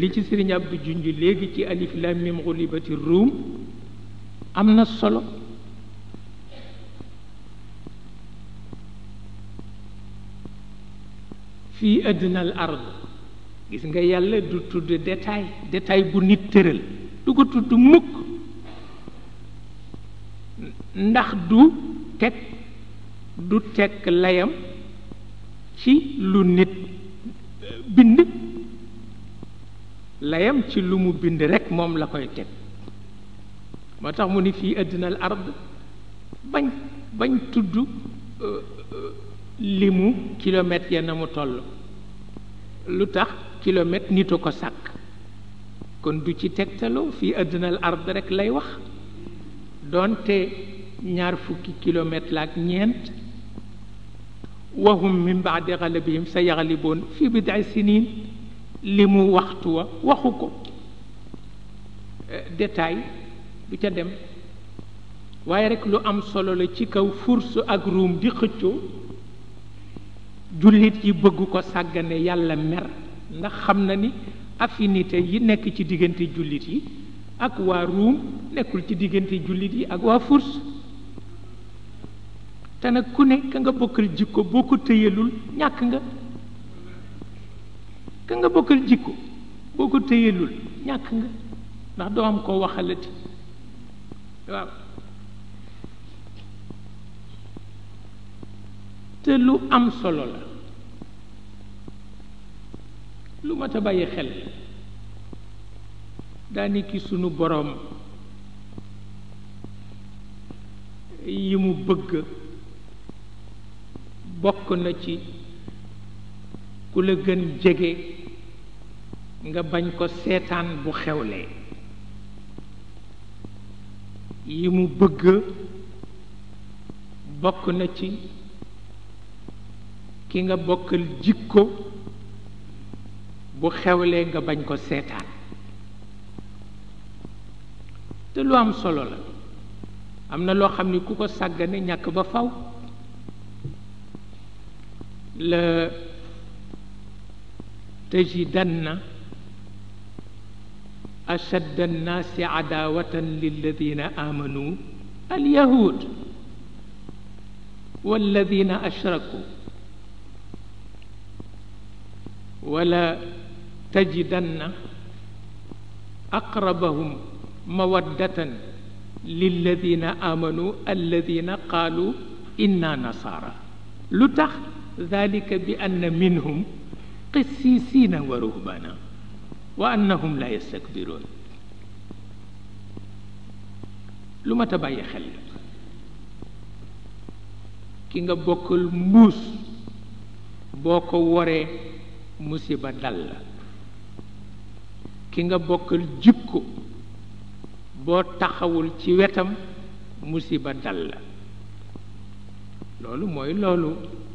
li ci sëriñ Abdou junj léegi ci alif lam ruum am na solo fii àddina al gis nga yàlla du tudd détail détail bu nit tëral du ko tudd mukk ndax du teg du teg layam ci lu nit layam ci lu mu bind rek moom la koy teg moo tax mu ni fii àddina al ard bañ bañ tudd limu kilomètre ya na mu toll lu tax kilomètre nitu ko sàkk kon du ci tegtaloo fii àddina al ard rek lay wax donte ñaar fukki kilomètre la ak ñeent wahum min baadi galabihim sa yaxaliboon fii bidaa sinin li mu waxtu wa waxu ko eh, détail du ca dem waaye rek lu am solo la ci kaw fursu ak ruum di xëccoo jullit yi bëgg ko sàggane yàlla mer ndax xam na ni affinité yi nekk ci diggante jullit yi ak waa ruum nekkul ci diggante jullit yi ak waa furs te nag ku ne ka nga bokkal jikko boo ko tëyelul ñàkk nga ka nga bokkal jikko boo ko téyelul ñàkk nga ndax doo am koo waxalati waaw te lu am solo la lu mat a bàyyi xel daani ki sunu boroom yi mu bëgg bokk na ci ku la gën jege nga bañ ko seetaan bu xewlee yi mu bëgg bokk na ci ki nga bokkal jikko bu xewlee nga bañ ko seetaan te lu am solo la am na loo xam ni ku ko sàggane ñàkk ba faw la تجدن أشد الناس عداوة للذين آمنوا اليهود والذين أشركوا ولا تجدن أقربهم مودة للذين آمنوا الذين قالوا إنا نصارى لتخ ذلك بأن منهم قسيسين ورهبانا وأنهم لا يستكبرون لما تبا يخل كينغا بوكل موس بوكو وري مصيبة دالة كينغا بوكل جيكو بو تخول تي ويتم مصيبة دالة لولو موي لولو